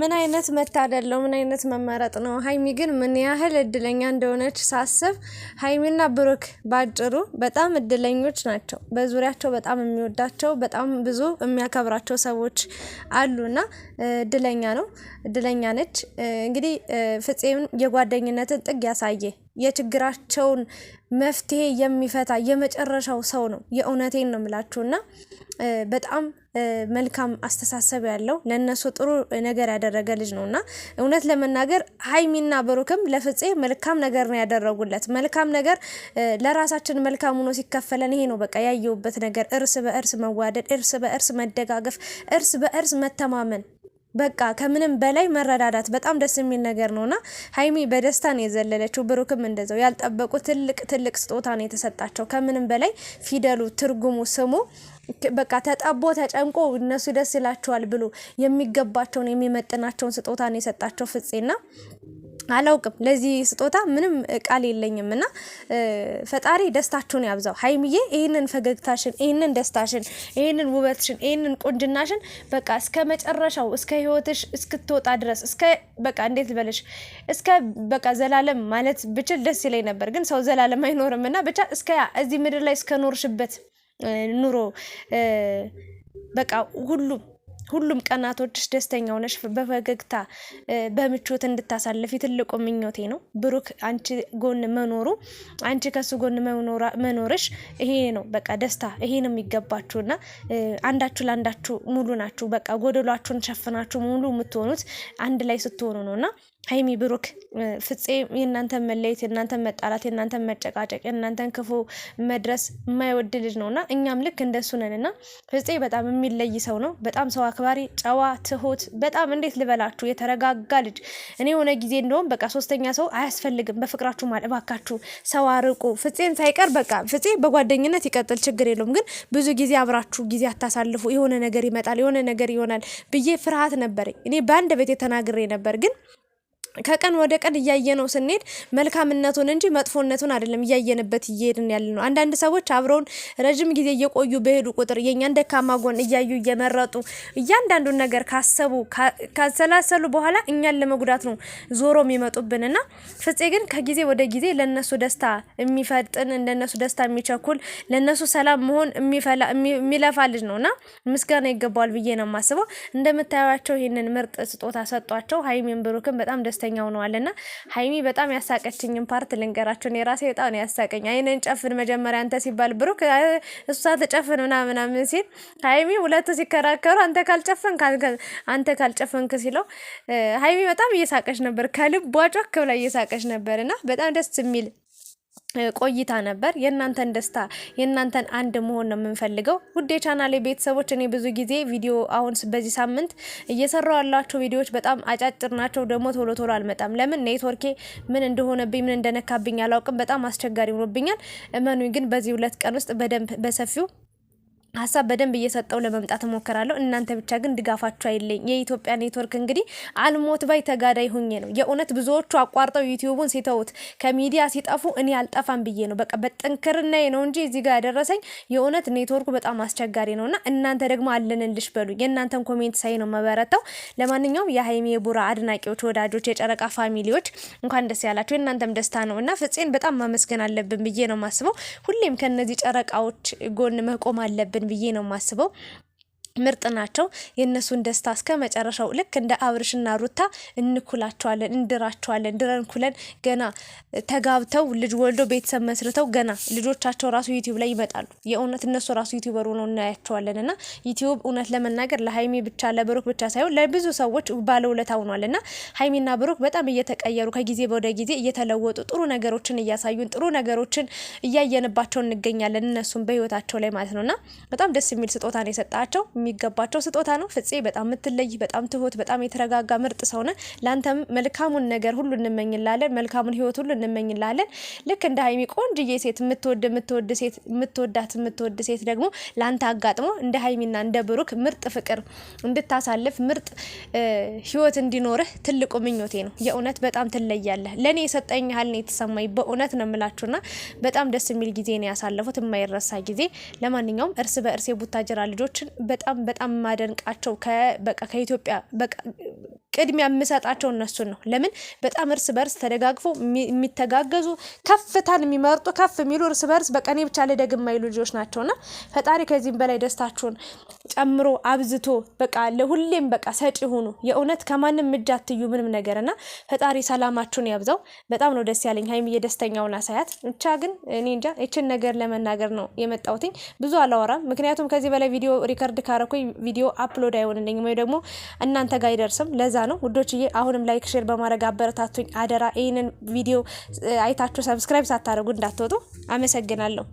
ምን አይነት መታደል ነው! ምን አይነት መመረጥ ነው! ሀይሚ ግን ምን ያህል እድለኛ እንደሆነች ሳስብ፣ ሀይሚና ብሩክ ባጭሩ በጣም እድለኞች ናቸው። በዙሪያቸው በጣም የሚወዳቸው በጣም ብዙ የሚያከብራቸው ሰዎች አሉና እድለኛ ነው፣ እድለኛ ነች። እንግዲህ ፍፄም የጓደኝነትን ጥግ ያሳየ የችግራቸውን መፍትሄ የሚፈታ የመጨረሻው ሰው ነው። የእውነቴን ነው እና በጣም መልካም አስተሳሰብ ያለው ለእነሱ ጥሩ ነገር ያደረገ ልጅ ነው እና እውነት ለመናገር ሀይሚና ብሩክም ለፍፄ መልካም ነገር ነው ያደረጉለት። መልካም ነገር ለራሳችን መልካም ሆኖ ሲከፈለን ይሄ ነው በቃ ያየሁበት ነገር፣ እርስ በእርስ መዋደድ፣ እርስ በእርስ መደጋገፍ፣ እርስ በእርስ መተማመን በቃ ከምንም በላይ መረዳዳት በጣም ደስ የሚል ነገር ነውና ሀይሚ በደስታ ነው የዘለለችው። ብሩክም እንደዛው ያልጠበቁ ትልቅ ትልቅ ስጦታ ነው የተሰጣቸው። ከምንም በላይ ፊደሉ፣ ትርጉሙ፣ ስሙ በቃ ተጠቦ ተጨንቆ እነሱ ደስ ይላቸዋል ብሎ የሚገባቸውን የሚመጥናቸውን ስጦታ ነው የሰጣቸው ፍፄና አላውቅም ለዚህ ስጦታ ምንም ቃል የለኝም። እና ፈጣሪ ደስታችሁን ያብዛው። ሀይሚዬ ይህንን ፈገግታሽን፣ ይህንን ደስታሽን፣ ይህንን ውበትሽን፣ ይህንን ቁንጅናሽን በቃ እስከ መጨረሻው እስከ ህይወትሽ እስክትወጣ ድረስ እስከ በቃ እንዴት ልበልሽ እስከ በቃ ዘላለም ማለት ብችል ደስ ይለኝ ነበር፣ ግን ሰው ዘላለም አይኖርም እና ብቻ እስከ እዚህ ምድር ላይ እስከኖርሽበት ኑሮ በቃ ሁሉም ሁሉም ቀናቶች ደስተኛ ሆነሽ በፈገግታ በምቾት እንድታሳልፊ ትልቁ ምኞቴ ነው። ብሩክ አንቺ ጎን መኖሩ አንቺ ከሱ ጎን መኖርሽ ይሄ ነው በቃ ደስታ ይሄ ነው የሚገባችሁ እና አንዳችሁ ለአንዳችሁ ሙሉ ናችሁ። በቃ ጎደሏችሁን ሸፍናችሁ ሙሉ የምትሆኑት አንድ ላይ ስትሆኑ ነው እና ሀይሚ ብሩክ ፍፄ የእናንተን መለየት የእናንተን መጣላት የእናንተን መጨቃጨቅ የእናንተን ክፉ መድረስ የማይወድ ልጅ ነውና እኛም ልክ እንደሱ ነን እና ፍፄ በጣም የሚለይ ሰው ነው። በጣም ሰው አክባሪ፣ ጨዋ፣ ትሁት በጣም እንዴት ልበላችሁ የተረጋጋ ልጅ። እኔ የሆነ ጊዜ እንደውም በቃ ሶስተኛ ሰው አያስፈልግም በፍቅራችሁ ማለት እባካችሁ ሰው አርቁ። ፍፄን ሳይቀር በቃ ፍፄ በጓደኝነት ይቀጥል ችግር የለውም ግን ብዙ ጊዜ አብራችሁ ጊዜ አታሳልፉ። የሆነ ነገር ይመጣል የሆነ ነገር ይሆናል ብዬ ፍርሃት ነበረኝ እኔ በአንድ ቤት የተናግሬ ነበር ግን ከቀን ወደ ቀን እያየ ነው ስንሄድ መልካምነቱን እንጂ መጥፎነቱን አይደለም እያየንበት እየሄድን ያለ ነው። አንዳንድ ሰዎች አብረውን ረዥም ጊዜ እየቆዩ በሄዱ ቁጥር የእኛን ደካማ ጎን እያዩ እየመረጡ እያንዳንዱን ነገር ካሰቡ ካሰላሰሉ በኋላ እኛን ለመጉዳት ነው ዞሮ የሚመጡብን እና ፍፄ ግን ከጊዜ ወደ ጊዜ ለነሱ ደስታ የሚፈጥን እንደነሱ ደስታ የሚቸኩል ለነሱ ሰላም መሆን የሚለፋ ልጅ ነው እና ምስጋና ይገባዋል ብዬ ነው የማስበው። እንደምታዩቸው ይህንን ምርጥ ስጦታ ሰጧቸው። ሀይሚን ብሩክን በጣም ደስታ ደስተኛ ሆነዋል። እና ሀይሚ በጣም ያሳቀችኝን ፓርት ልንገራቸውን። የራሴ በጣም ያሳቀኝ አይነን ጨፍን መጀመሪያ አንተ ሲባል ብሩክ እሱ ሳትጨፍን ምናምናምን ሲል ሀይሚ ሁለቱ ሲከራከሩ አንተ ካልጨፍን አንተ ካልጨፍንክ ሲለው ሀይሚ በጣም እየሳቀች ነበር፣ ከልቧ ጮክ ብላ እየሳቀች ነበር እና በጣም ደስ የሚል ቆይታ ነበር። የእናንተን ደስታ የእናንተን አንድ መሆን ነው የምንፈልገው። ውድ የቻናሌ ቤተሰቦች እኔ ብዙ ጊዜ ቪዲዮ አሁን በዚህ ሳምንት እየሰራው ያላቸው ቪዲዮዎች በጣም አጫጭር ናቸው። ደግሞ ቶሎ ቶሎ አልመጣም። ለምን ኔትወርኬ ምን እንደሆነብኝ ምን እንደነካብኝ አላውቅም። በጣም አስቸጋሪ ሆኖብኛል። እመኑኝ ግን በዚህ ሁለት ቀን ውስጥ በደንብ በሰፊው ሀሳብ በደንብ እየሰጠው ለመምጣት እሞክራለሁ። እናንተ ብቻ ግን ድጋፋችሁ አይለኝ። የኢትዮጵያ ኔትወርክ እንግዲህ አልሞት ባይ ተጋዳይ ሁኜ ነው የእውነት ብዙዎቹ አቋርጠው ዩቲዩቡን ሲተውት ከሚዲያ ሲጠፉ እኔ አልጠፋም ብዬ ነው። በቃ በጥንክርናዬ ነው እንጂ እዚህ ጋር ያደረሰኝ የእውነት ኔትወርኩ በጣም አስቸጋሪ ነው እና እናንተ ደግሞ አለንልሽ በሉ። የእናንተን ኮሜንት ሳይ ነው መበረታው። ለማንኛውም የሀይሜ ቡራ አድናቂዎች፣ ወዳጆች፣ የጨረቃ ፋሚሊዎች እንኳን ደስ ያላቸው። የእናንተም ደስታ ነው እና ፍፄን በጣም ማመስገን አለብን ብዬ ነው ማስበው። ሁሌም ከነዚህ ጨረቃዎች ጎን መቆም አለብን። አለብን ብዬ ነው የማስበው። ምርጥ ናቸው። የእነሱን ደስታ እስከ መጨረሻው ልክ እንደ አብርሽና ሩታ እንኩላቸዋለን፣ እንድራቸዋለን። ድረን ኩለን ገና ተጋብተው ልጅ ወልዶ ቤተሰብ መስርተው ገና ልጆቻቸው ራሱ ዩቲዩብ ላይ ይመጣሉ። የእውነት እነሱ ራሱ ዩቲዩበር ነው እናያቸዋለን። እና ዩቲዩብ እውነት ለመናገር ለሀይሚ ብቻ ለብሩክ ብቻ ሳይሆን ለብዙ ሰዎች ባለውለታ ሆኗል። እና ሀይሚና ብሩክ በጣም እየተቀየሩ ከጊዜ ወደ ጊዜ እየተለወጡ ጥሩ ነገሮችን እያሳዩን ጥሩ ነገሮችን እያየንባቸው እንገኛለን። እነሱም በህይወታቸው ላይ ማለት እና በጣም ደስ የሚል ስጦታ ነው የሰጣቸው የሚገባቸው ስጦታ ነው። ፍፄ በጣም የምትለይ በጣም ትሁት፣ በጣም የተረጋጋ ምርጥ ሰውነ። ለአንተም መልካሙን ነገር ሁሉ እንመኝላለን፣ መልካሙን ህይወት ሁሉ እንመኝላለን። ልክ እንደ ሀይሚ ቆንጅዬ ሴት የምትወድ የምትወድ ሴት የምትወዳት የምትወድ ሴት ደግሞ ለአንተ አጋጥሞ እንደ ሀይሚና እንደ ብሩክ ምርጥ ፍቅር እንድታሳልፍ ምርጥ ህይወት እንዲኖርህ ትልቁ ምኞቴ ነው። የእውነት በጣም ትለያለህ። ለእኔ የሰጠኝ ያህል ነው የተሰማኝ። በእውነት ነው የምላችሁና በጣም ደስ የሚል ጊዜ ነው ያሳለፉት፣ የማይረሳ ጊዜ። ለማንኛውም እርስ በእርስ የቡታጀራ ልጆችን በጣም በጣም በጣም ማደንቃቸው ከኢትዮጵያ ቅድሚያ የምሰጣቸው እነሱን ነው። ለምን በጣም እርስ በርስ ተደጋግፎ የሚተጋገዙ ከፍታን የሚመርጡ ከፍ የሚሉ እርስ በርስ በቀኔ ብቻ ልደግ የማይሉ ልጆች ናቸውና ፈጣሪ ከዚህም በላይ ደስታችሁን ጨምሮ አብዝቶ በቃ ለሁሌም በቃ ሰጪ ሁኑ። የእውነት ከማንም እጅ አትዩ ምንም ነገር እና ፈጣሪ ሰላማችሁን ያብዛው። በጣም ነው ደስ ያለኝ ሀይሚዬ ደስተኛውን አሳያት። ብቻ ግን እኔ እንጃ ይችን ነገር ለመናገር ነው የመጣሁትኝ። ብዙ አላወራም፣ ምክንያቱም ከዚህ በላይ ቪዲዮ ሪከርድ ካረኩኝ ቪዲዮ አፕሎድ አይሆንልኝም ወይ ደግሞ እናንተ ጋር አይደርስም ለዛ ነው ውዶችዬ። አሁንም ላይክ፣ ሼር በማድረግ አበረታቱኝ አደራ። ይህንን ቪዲዮ አይታችሁ ሰብስክራይብ ሳታደርጉ እንዳትወጡ። አመሰግናለሁ።